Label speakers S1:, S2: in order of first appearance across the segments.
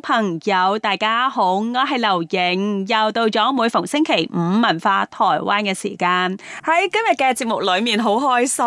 S1: 朋友，大家好，我係劉瑩，又到咗每逢星期五文化台灣嘅時間。喺今日嘅節目裏面好開心，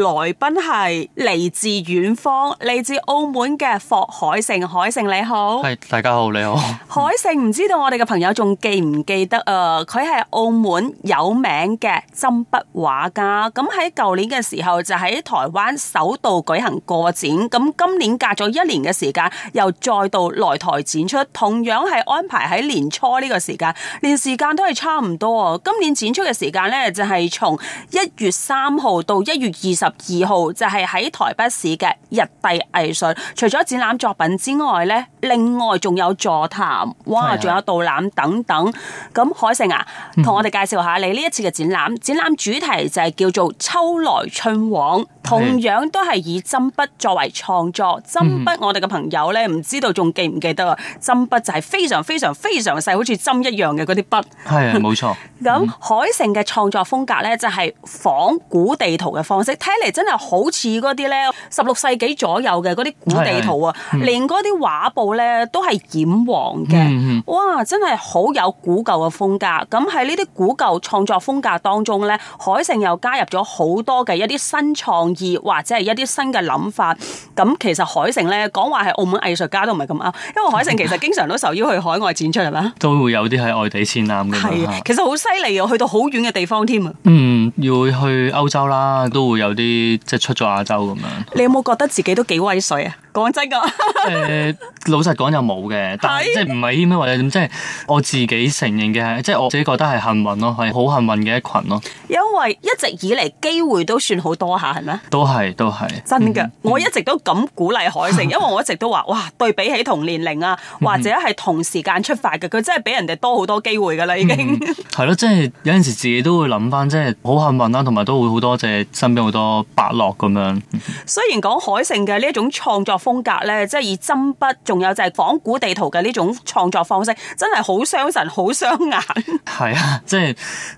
S1: 來賓係嚟自遠方、嚟自澳門嘅霍凱盛。凱盛你好，係
S2: 大家好，你好。
S1: 凱盛唔知道我哋嘅朋友仲記唔記得啊？佢係澳門有名嘅針筆畫家，咁喺舊年嘅時候就喺台灣首度舉行個展，咁今年隔咗一年嘅時間，又再度。來台展出同樣係安排喺年初呢個時間，連時間都係差唔多。今年展出嘅時間咧就係從一月三號到一月二十二號，就係、是、喺台北市嘅日帝藝術。除咗展覽作品之外咧，另外仲有座談、哇，仲有導覽等等。咁是是 凱盛啊，同、嗯、我哋介紹下你呢一次嘅展覽。展覽主題就係叫做《秋來春往》，同樣都係以針筆作為創作。針筆我哋嘅朋友咧唔知道仲記你唔記得啊？針筆就係非常非常非常細，好似針一樣嘅嗰啲筆。係啊，冇錯。咁 那、嗯、凱盛嘅創作風格呢，就係、是、仿古地圖嘅方式。睇嚟真係好似嗰啲呢，十六世紀左右嘅嗰啲古地圖啊，的嗯、連嗰啲畫布呢都係染黃嘅。嗯嗯哇，真係好有古舊嘅風格。咁喺呢啲古舊創作風格當中呢，凱盛又加入咗好多嘅一啲新創意或者係一啲新嘅諗法。咁其實凱盛呢，講話係澳門藝術家都唔係咁啱。 因為凱盛其實經常都受邀去
S2: 海外展出係嘛，都會有啲喺外地展覽嘅。係啊，其
S1: 實好犀利啊，去到好遠嘅地方添啊。嗯，
S2: 要去歐洲啦，都會有啲即係出咗亞洲咁樣。
S1: 你有冇覺得自己都幾威水啊？講真
S2: 噶，誒、 呃，老實講又冇嘅，但係是即係唔係謙咧，或者點即係我自己承認嘅係，即、就、係、是、我自己覺得係幸運咯，係好幸運嘅一群咯。
S1: 因為一直以嚟機會都算好多下，係咪？
S2: 都係，都係的。
S1: 真嘅、嗯，我一直都咁鼓勵凱盛，嗯、因為我一直都話，哇，對比起同年齡啊，嗯、或者係同時間出發嘅，佢真係比人哋多好多機會噶啦，已經、嗯。係
S2: 咯， 即、就、係、是、有陣時自己都會諗翻，即係好幸運啦，同埋都會好多謝身邊好多伯樂咁樣。嗯、
S1: 雖然講凱盛嘅呢一種創作。風格呢，即係以針筆，仲有就係仿古地圖嘅呢種創作方式，真係好傷神，好傷眼。
S2: 係啊，即係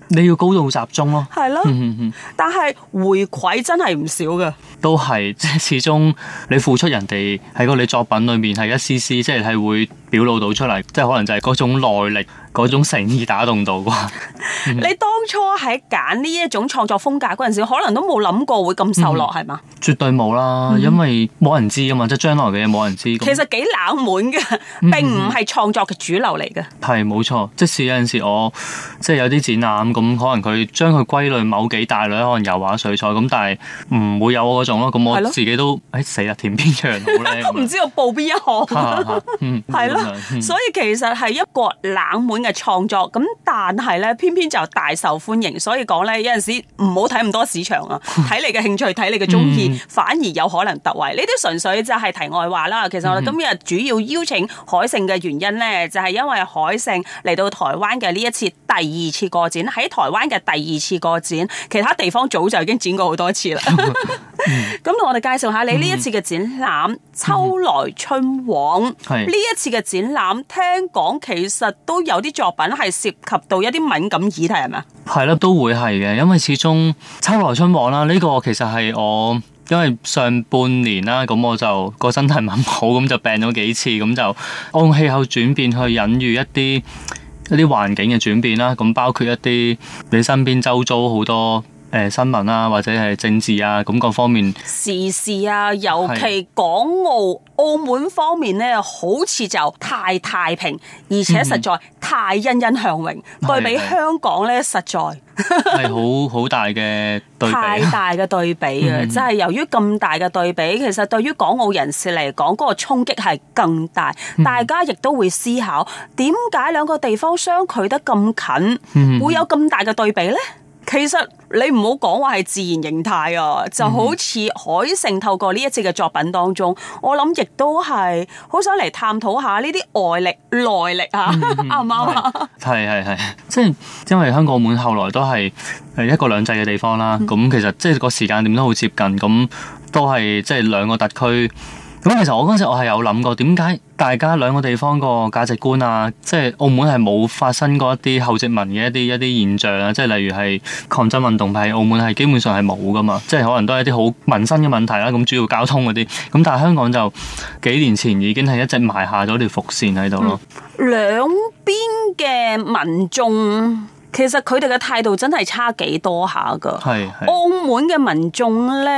S2: 你要高度集中咯。係咯，但係回饋真係唔少嘅。都係，即係始終你付出，人哋喺個你作品裏面係一絲絲，即係係會表露到出嚟，即係可能就係嗰種耐力。嗰種誠意打動到啩？ 你
S1: 當初喺揀呢一種創作風格嗰陣時，可能都冇諗過會咁受落，係嘛、嗯？
S2: 吧絕對冇啦，嗯、因為冇人知啊嘛，即係將來嘅嘢冇人知。其實
S1: 幾冷門嘅，並唔係創作嘅主流嚟嘅。
S2: 係冇、嗯嗯嗯、錯，即使有陣時我即係有啲展覽咁，可能佢將佢歸類某幾大類，可能油畫、水彩咁，但係唔會有我嗰種咯。咁我自己都誒、嗯嗯哎、死啦，填邊樣好咧？唔
S1: 知道報邊一行。
S2: 係咯，所
S1: 以其實係一個冷門。嘅創作咁，但係咧偏偏就大受歡迎，所以講咧，有陣時唔好睇咁多市場啊，睇你嘅興趣，睇你嘅中意， 反而有可能突圍。呢啲純粹就係題外話啦。其實我哋今日主要邀請凱盛嘅原因咧，就係、是、因為凱盛嚟到台灣嘅呢一次第二次個展，喺台灣嘅第二次個展，其他地方早就已經展過好多次啦。 咁、嗯、我哋介紹下你呢一次嘅展覽《嗯、秋來春往》是。係呢一次嘅展覽，聽講其實都有啲作品係涉及到一啲敏感議題，係咪啊？
S2: 係啦，都會係嘅，因為始終《秋來春往》啦，呢個其實係我因為上半年啦，咁我就個身體唔係好，咁就病咗幾次，咁就按氣候轉變去隱喻一啲一啲環境嘅轉變啦，咁包括一啲你身邊周遭好多。誒，ee, 新聞啊，或者係政治啊，咁各方面
S1: 時事啊，尤其港澳澳門方面咧，好似就太太平，而且實在太欣欣向榮，對比香港咧，實在
S2: 係好好大嘅對比，太大
S1: 嘅對比啊！比 嗯、即係由於咁大嘅對比，嗯、其實對於港澳人士嚟講，嗰、嗰個衝擊係更大。嗯、大家亦都會思考，點解兩個地方相距得咁近，會有咁大嘅對比呢？其實你唔好講話係自然形態啊，就好似凱盛透過呢一次嘅作品當中，我諗亦都係好想嚟探討下呢啲外力內力啊，啱唔啱啊，
S2: 係係係，即係 因為香港澳門後來都係係一國兩制嘅地方啦，咁、嗯、其實即係個時間點都好接近，咁都係即係兩個特區。咁其實我嗰陣時，我係有諗過，點解大家兩個地方個價值觀啊，即係澳門係冇發生過一啲後殖民嘅一啲一啲現象啊，即係例如係抗爭運動，喺澳門係基本上係冇噶嘛，即係可能都係啲好民生嘅問題啦。咁主要交通嗰啲，咁但係香港就幾年前已經係一直埋下咗條伏線喺度咯。
S1: 兩邊嘅民眾。其實佢哋嘅態度真係差幾多下噶，
S2: 是是澳
S1: 門嘅民眾呢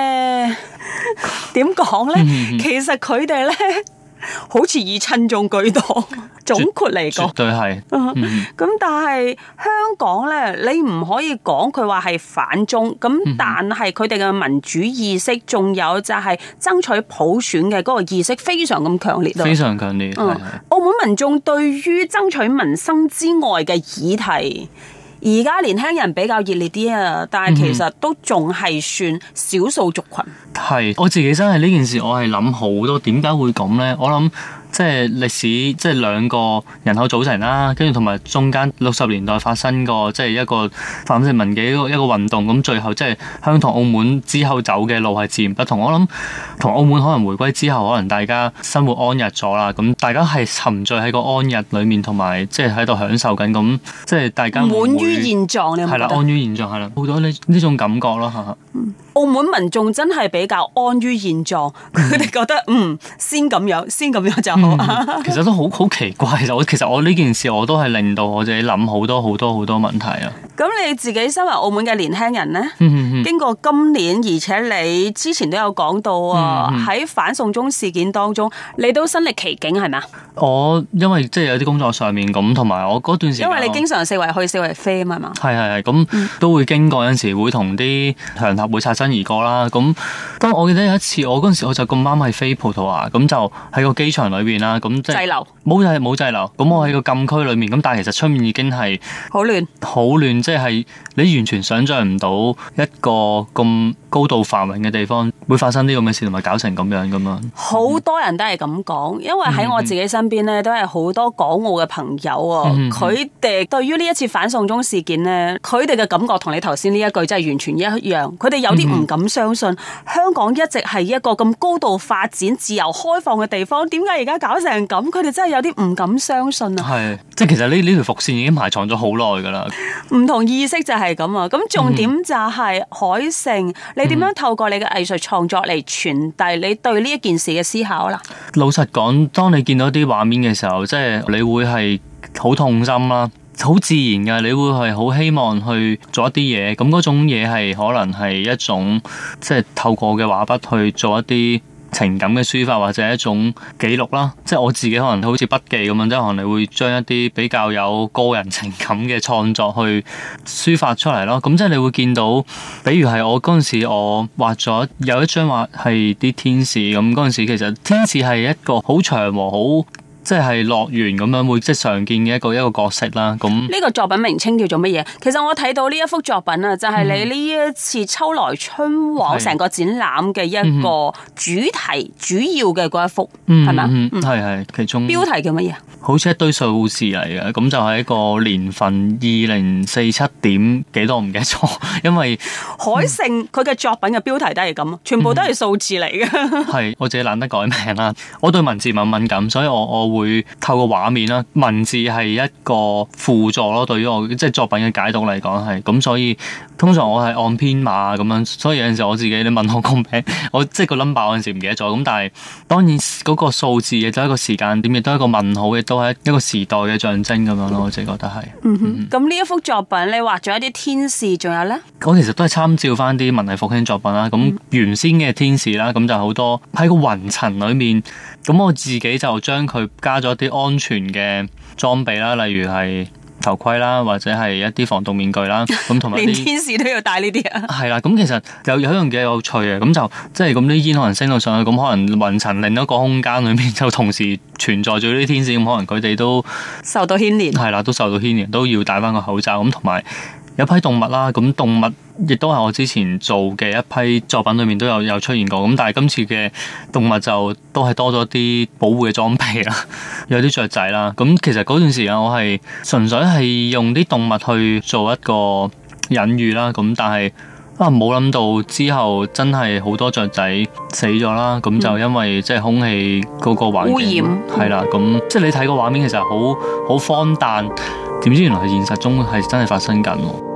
S1: 點講呢？ 呢嗯、哼 其實佢哋呢好似以親中居多，總括嚟講，絕
S2: 對係。
S1: 咁、嗯嗯、但係香港呢，你唔可以講佢話係反中，咁但係佢哋嘅民主意識，仲、嗯、哼 有就係爭取普選嘅嗰個意識，非常咁強烈，烈，非常強烈。是是是澳門民眾對於爭取民生之外嘅議題。而家年輕人比較熱烈啲啊，但係其實都仲係算少數族群。
S2: 係、mm hmm，我自己真係呢件事，我係諗好多，點解會咁呢？我諗。即係歷史，即係兩個人口組成啦，跟住同埋中間六十年代發生過即係一個反殖民嘅一個一個運動，咁最後即係香港澳門之後走嘅路係截然不同。我諗同澳門可能回歸之後，可能大家生活安逸咗啦，咁大家係沉醉喺個安逸裏面，同埋即係喺度享受緊，咁即係大家滿於現狀，你係啦，安於現狀，係啦，好多呢呢種感覺咯。
S1: 澳門民眾真係比較安於現狀，佢哋覺得嗯，嗯，先咁樣，先咁樣就好、嗯、其實
S2: 都好好奇怪，其實我其實我呢件事我都係令到我自己諗好多好多好多問題啊。
S1: 咁你自己身為澳門嘅年輕人呢，嗯嗯嗯、經過今年，而且你之前都有講到啊，喺、嗯嗯嗯、反送中事件當中，你都身歷其境係咪？
S2: 我因為即係有啲工作上面咁，同埋我嗰段時間，因為你經
S1: 常四圍去四圍飛啊嘛，
S2: 係係係咁都會經過有陣時會同啲強拆會擦身而過啦，咁，不過我記得有一次，我嗰陣時我就咁啱係飛葡萄牙，咁就喺個機場裏邊啦，咁滯留冇滯冇滯留，咁我喺個禁區裏面，咁、就是、留但係其實出面已經係好亂，好亂，即、就、係、是、你完全想象唔到一個咁高度繁榮嘅地方會發生啲咁嘅事，同埋搞成咁樣咁樣，
S1: 好、嗯、多人都係咁講，因為喺我自己身邊呢，嗯嗯都係好多港澳嘅朋友、哦，佢哋、嗯嗯嗯、對於呢一次反送中事件呢，佢哋嘅感覺同你頭先呢一句真係完全一樣，佢哋有啲、嗯。嗯唔敢相信，香港一直係一個咁高度發展、自由開放嘅地方，點解而家搞成咁？佢哋真係有啲唔敢相信啊！係，
S2: 即係其實呢呢條伏線已經埋藏咗好耐噶啦。
S1: 唔同意識就係咁啊！咁重點就係霍凱盛，嗯、你點樣透過你嘅藝術創作嚟傳遞你對呢一件事嘅思考啦？
S2: 老實講，當你見到啲畫面嘅時候，即係你會係好痛心啦。好自然噶，你會係好希望去做一啲嘢，咁嗰種嘢係可能係一種，即係透過嘅畫筆去做一啲情感嘅抒發或者一種記錄啦。即係我自己可能好似筆記咁樣，即係可能你會將一啲比較有個人情感嘅創作去抒發出嚟咯。咁即係你會見到，比如係我嗰陣時我畫咗有一張畫係啲天使咁，嗰陣時其實天使係一個好祥和好。即係樂園咁樣會即係常見嘅一個一個角色啦。咁呢
S1: 個作品名稱叫做乜嘢？其實我睇到呢一幅作品啊，就係你呢一次秋來春往成個展覽嘅一個主題主要嘅嗰一幅，係嘛？
S2: 嗯，係係其中標題叫乜嘢？好似一堆數字嚟嘅。咁就係一個年份二零四七點幾多唔記得咗。因為
S1: 凱盛佢嘅作品嘅標題都係咁，全部都係數字嚟嘅。
S2: 係，我自己懶得改名啦。我對文字敏敏感，所以我我。會透過畫面啦，文字係一個輔助咯，對於我即係作品嘅解讀嚟講係咁，所以通常我係按編碼咁樣，所以有陣時我自己你問我個名，我即係個 number 我有陣時唔記得咗，咁但係當然嗰個數字亦都係一個時間點，亦都係一個問號，亦都係一個時代嘅象徵咁樣咯，我自己覺得係。
S1: 嗯哼，嗯，咁呢一幅作品你畫咗一啲天使，仲有呢？
S2: 我其實都係參照翻啲文藝復興作品啦，咁原先嘅天使啦，咁就好多喺個雲層裏面，咁我自己就將佢。加咗啲安全嘅裝備啦，例如係頭盔啦，或者係一啲防毒面具啦，咁同埋啲連天使
S1: 都要戴呢啲啊。
S2: 係啦，咁其實有有一樣嘢有趣嘅，咁就即係咁啲煙可能升到上去，咁可能雲層另一個空間裏面就同時存在住呢啲天使，咁可能佢哋都受到牽連。係啦，都受到牽連，都要戴翻個口罩咁同埋。有一批動物啦，咁動物亦都係我之前做嘅一批作品裏面都有有出現過，咁但係今次嘅動物就都係多咗啲保護嘅裝備啦， 有啲雀仔啦，咁其實嗰段時間我係純粹係用啲動物去做一個隱喻啦，咁但係啊冇諗到之後真係好多雀仔死咗啦，咁就因為即係空氣嗰個污染，係啦，咁即係你睇個畫面其實好好荒誕，點知原來係現實中係真係發生緊喎。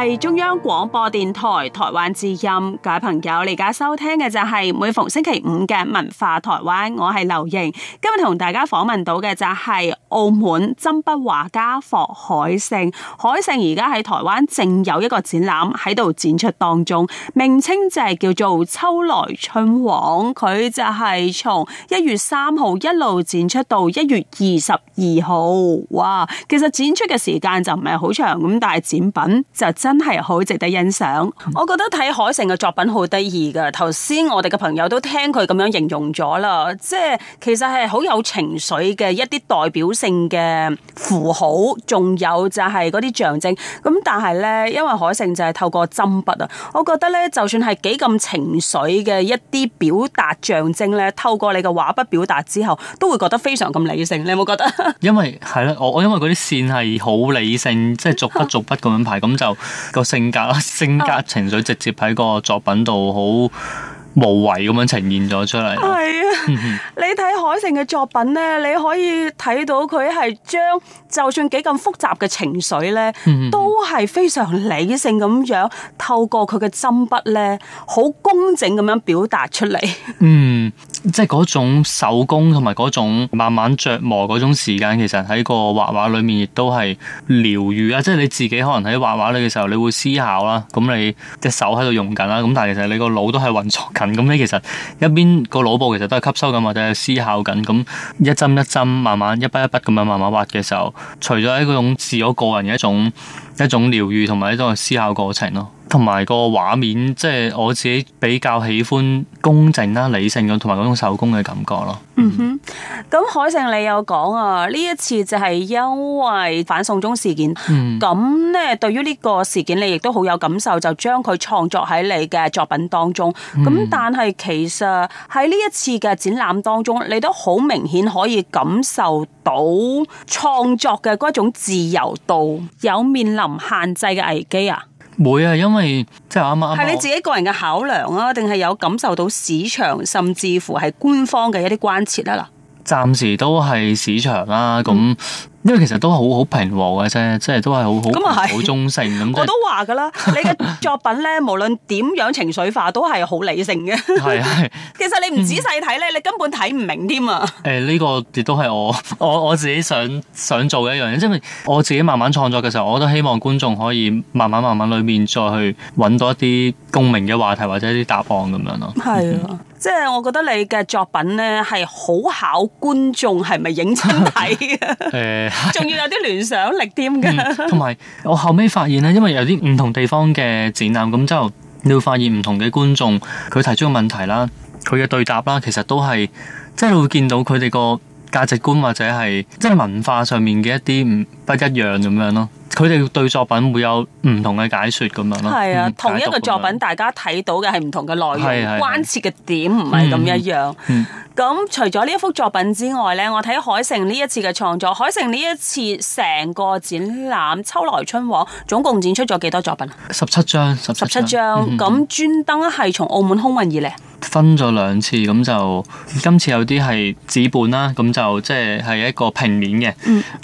S1: 係中央廣播電台台灣之音，各位朋友，你而家收聽嘅就係每逢星期五嘅文化台灣，我係劉瑩。今日同大家訪問到嘅就係澳門針筆畫家霍凱盛，凱盛而家喺台灣正有一個展覽喺度展出當中，名稱就係叫做《秋來春往》，佢就係從一月三號一路展出到一月二十二號。哇，其實展出嘅時間就唔係好長咁，但係展品就真。真係好值得欣賞，我覺得睇凱盛嘅作品好得意噶。頭先我哋嘅朋友都聽佢咁樣形容咗啦，即係其實係好有情緒嘅一啲代表性嘅符號，仲有就係嗰啲象徵。咁但係呢，因為凱盛就係透過針筆啊，我覺得呢，就算係幾咁情緒嘅一啲表達象徵呢，透過你嘅畫筆表達之後，都會覺得非常咁理性。你有冇覺得？
S2: 因為係啦，我我因為嗰啲線係好理性，即係逐筆逐筆咁樣排，咁就。個性格咯，性格情緒直接喺個作品度好無謂咁樣呈現咗出嚟。
S1: 係啊，嗯、哼你睇凱盛嘅作品咧，你可以睇到佢係將就算幾咁複雜嘅情緒咧，都係非常理性咁樣透過佢嘅針筆咧，好工整咁樣表達出嚟。嗯。
S2: 即係嗰種手工同埋嗰種慢慢琢磨嗰種時間，其實喺個畫畫裏面亦都係療癒啊！即係你自己可能喺畫畫裏嘅時候，你會思考啦，咁你隻手喺度用緊啦，咁但係其實你個腦都係運作緊，咁你其實一邊個腦部其實都係吸收緊或者係思考緊，咁一針一針慢慢一筆一筆咁樣慢慢畫嘅時候，除咗喺嗰種自我個人嘅一種一種療癒同埋喺度思考過程咯。同埋個畫面，即、就、係、是、我自己比較喜歡公正啦、啊、理性咁，同埋嗰種手工嘅感覺咯。嗯哼，
S1: 咁凱盛你有講啊，呢一次就係因為反送中事件。嗯，咁咧對於呢個事件，你亦都好有感受，就將佢創作喺你嘅作品當中。咁、嗯、但係其實喺呢一次嘅展覽當中，你都好明顯可以感受到創作嘅嗰種自由度有面臨限制嘅危機啊！
S2: 會啊，因為即係啱啱。係，啊啊，你自己
S1: 個人嘅考量啊，定係有感受到市場，甚至乎係官方嘅一啲關切啊嗱？
S2: 暫時都係市場啦，咁因為其實都係好好平和嘅啫，即係都係好好好中性咁。我都
S1: 話㗎啦，你嘅作品咧， 無論點樣情緒化，都係好理性嘅。係 係，其實你唔仔細睇咧，嗯、你根本睇唔明添啊。
S2: 誒、欸、呢、這個亦都係我我我自己想想做嘅一樣嘢，即、就、係、是、我自己慢慢創作嘅時候，我都希望觀眾可以慢慢慢慢裏面再去揾到一啲共鳴嘅話題或者一啲答案咁樣咯。
S1: 係啊的。 即係我覺得你嘅作品呢，係好考觀眾，係咪
S2: 影親睇啊？誒，仲
S1: 要有啲聯想力添㗎、嗯。同埋
S2: 我後尾發現咧，因為有啲唔同地方嘅展覽，咁之後你會發現唔同嘅觀眾佢提出嘅問題啦，佢嘅對答啦，其實都係即係你會見到佢哋個價值觀或者係即係文化上面嘅一啲唔不一樣咁樣咯，佢哋對作品會有唔同嘅解説咁樣咯。係啊，嗯，同一個作品，
S1: 大家睇到嘅係唔同嘅內容，係係係係，關切嘅點唔係咁一樣。嗯嗯咁除咗呢一幅作品之外咧，我睇凱盛呢一次嘅創作，凱盛呢一次成個展覽《秋來春往》，總共展出咗幾多作品啊？
S2: 十七張，
S1: 十七張。十七張。咁專登係從澳門空運而
S2: 嚟。分咗兩次，咁就今次有啲係紙本啦，咁就即係係一個平面嘅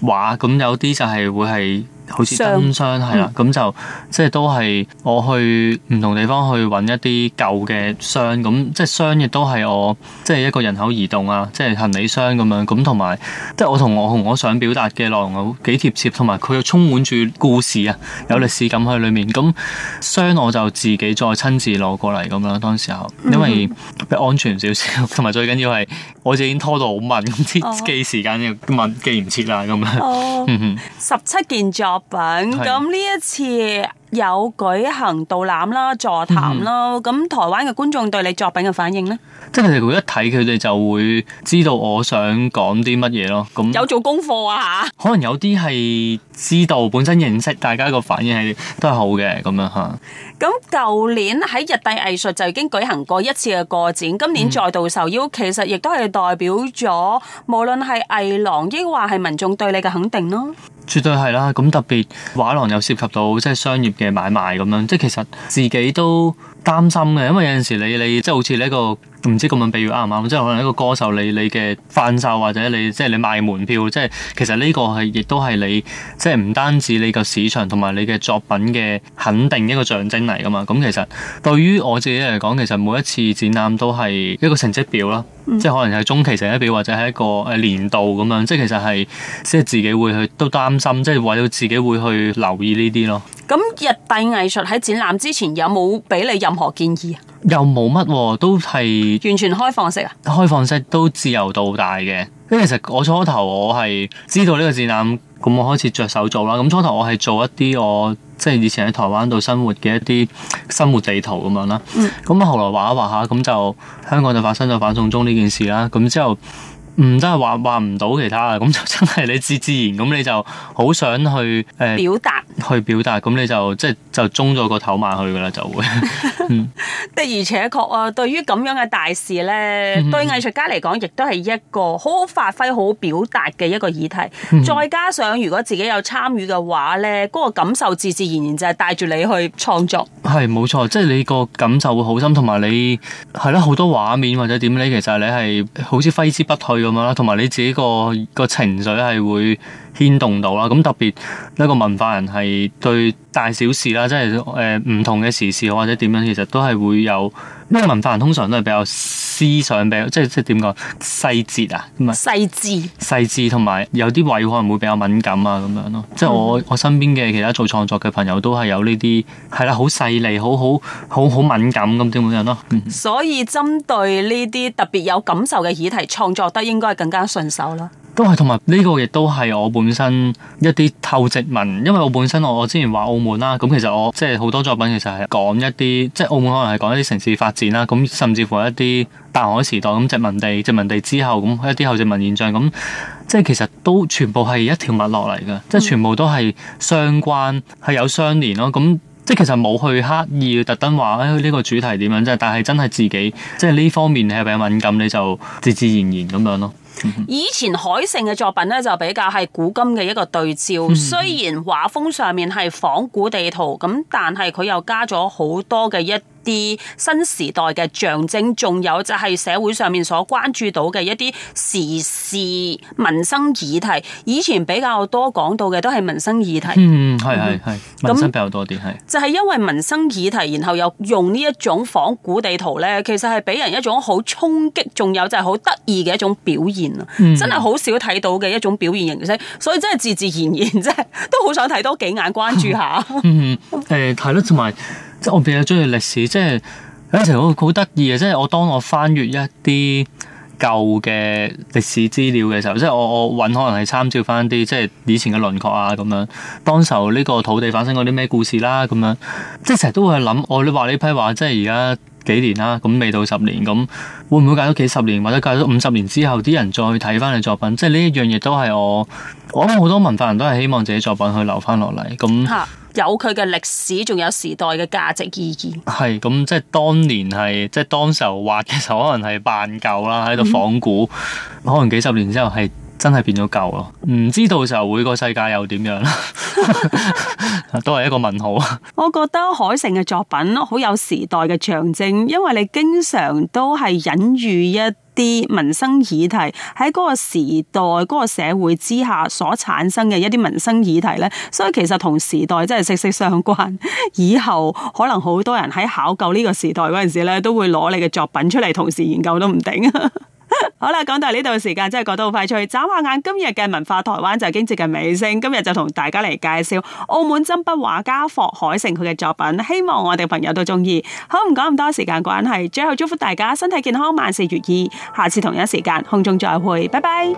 S2: 畫，咁、嗯、有啲就係會係。好似燈箱係啦，咁、嗯啊、就即係都係我去唔同地方去揾一啲舊嘅箱，咁即係箱亦都係我即係、就是、一個人口移動啊，即、就、係、是、行李箱咁樣，咁同埋即係我同我同我想表達嘅內容好幾貼切，同埋佢又充滿住故事啊，有歷史感喺裏面。咁箱我就自己再親自攞過嚟咁樣，當時候因為比較安全少少，同埋最緊要係我就已經拖到好慢，時間哦、記時間又問記唔切啦，咁樣。哦、
S1: 十七件咗。作品，咁呢一次有舉行導覽啦、座談啦，咁台灣嘅觀眾對你作品嘅反應呢，
S2: 即係佢哋一睇，佢哋就會知道我想講啲乜嘢咯。咁有
S1: 做功課啊？
S2: 可能有啲係知道本身認識大家個反應係都係好嘅咁樣吓。
S1: 咁舊年喺日帝藝術就已經舉行過一次嘅個展，今年再度受邀，其實亦都係代表咗無論係藝廊抑或係民眾對你嘅肯定咯。
S2: 絕對係啦，咁特別畫廊又涉及到即係商業嘅買賣咁樣，即係其實自己都擔心嘅，因為有陣時你你即係好似呢個。唔知咁樣比喻啱唔啱，即係可能一個歌手你你嘅販售或者你即係你賣門票，即係其實呢個係亦都係你即係唔單止你個市場同埋你嘅作品嘅肯定一個象徵嚟噶嘛。咁其實對於我自己嚟講，其實每一次展覽都係一個成績表囉，嗯、即係可能係中期成績表或者係一個誒年度咁樣，即係其實係即係自己會去都擔心，即係為咗自己會去留意呢啲咯。
S1: 咁日帝藝術喺展覽之前有冇俾你任何建議啊？
S2: 又冇乜，都係。
S1: 完全開放式啊！
S2: 開放式都自由度大嘅。咁其實我初頭我係知道呢個展覽，咁我開始着手做啦。咁初頭我係做一啲我即係、就是、以前喺台灣度生活嘅一啲生活地圖咁樣啦。咁、嗯、後來畫一畫下，咁就香港就發生咗反送中呢件事啦。咁之後唔真係畫畫唔到其他嘅，咁就真係你自自然咁，你就好想去誒表達，去表達。咁你就即係。就是就中咗個頭馬去噶啦，就會
S1: 的而且確啊，對於咁樣嘅大事呢， 對藝術家嚟講，亦都係一個好好發揮、好表達嘅一個議題。再加上，如果自己有參與嘅話呢，嗰、嗰個感受自自然然就係帶住你去創作。
S2: 係冇錯，即係你個感受會好深，同埋你係啦，好、啊、多畫面或者點呢，其實你係好似揮之不去咁樣啦，同埋你自己個個情緒係會。牽動到啦，咁特別呢、呢個文化人係對大小事啦，即係誒唔同嘅時事或者點樣，其實都係會有。呢個文化人通常都係比較思想，比較即係即係點講細節啊，唔係細緻細緻同埋有啲位可能會比較敏感啊，咁樣咯。即係我、嗯、我身邊嘅其他做創作嘅朋友都係有呢啲係啦，好細膩，好好好敏感咁點樣咯。嗯、所以
S1: 針對呢啲特別有感受嘅議題，創作得應該更加順手啦。
S2: 都係，同埋呢個亦都係我本身一啲後殖民，因為我本身我之前話澳門啦，咁其實我即係好多作品其實係講一啲即係澳門可能係講一啲城市發展啦，咁甚至乎一啲大海時代咁殖民地殖民地之後，咁一啲後殖民現象，咁即係其實都全部係一條脈落嚟嘅，即係全部都係相關係有相連咯，咁即係其實冇去刻意特登話咧呢個主題點樣啫，但係真係自己即係呢方面你係比較敏感，你就自自然然咁樣咯。
S1: 以前凱盛嘅作品咧就比較係古今嘅一個對照，雖然畫風上面係仿古地圖咁，但係佢又加咗好多嘅一。啲新時代嘅象徵，仲有就係社會上面所關注到嘅一啲時事民生議題，以前比較多講到嘅都係民生議題。嗯，係
S2: 係係，民生比較多啲係。
S1: 就係因為民生議題，然後又用呢一種仿古地圖咧，其實係俾人一種好衝擊，仲有就係好得意嘅一種表現啊！嗯、真係好少睇到嘅一種表現形式，所以真係自自然然，真係都好想睇多幾眼，關注下。
S2: 誒，係咯，同埋。即係我比較中意歷史，即係有陣時好好得意嘅。即係我當我翻閱一啲舊嘅歷史資料嘅時候，即係我我搵可能係參照翻啲即係以前嘅輪廓啊咁樣，當時候呢個土地發生過啲咩故事啦咁樣，即係成日都會諗我你話呢批話即係而家。幾年啦，咁未到十年，咁會唔會隔咗幾十年或者隔咗五十年之後，啲人再睇翻你作品？即係呢一樣嘢都係我，我諗好多文化人都係希望自己作品去留翻落嚟，咁、啊、
S1: 有佢嘅歷史，仲有時代嘅價值意見。
S2: 係咁，即係當年係，即係當時候畫嘅時候，可能係扮舊啦，喺度仿古，嗯、可能幾十年之後係。真係變咗舊咯，唔知道就會個世界又點樣啦， 都係一個問號
S1: 啊！ 我覺得凱盛嘅作品好有時代嘅象徵，因為你經常都係隱喻一啲民生議題，喺嗰個時代，嗰，嗰個社會之下所產生嘅一啲民生議題呢，所以其實同時代真係息息相關。以後可能好多人喺考究呢個時代嗰陣時呢，都會攞你嘅作品出嚟，同時研究都唔定。 好啦，講到呢度時間真係過得好快脆。眨下眼今日嘅文化台灣就經接近尾聲，今日就同大家嚟介紹澳門針筆畫家霍凱盛佢嘅作品，希望我哋朋友都中意。好，唔講咁多，時間關係，最後祝福大家身體健康，萬事如意。下次同一時間空中再會，拜拜。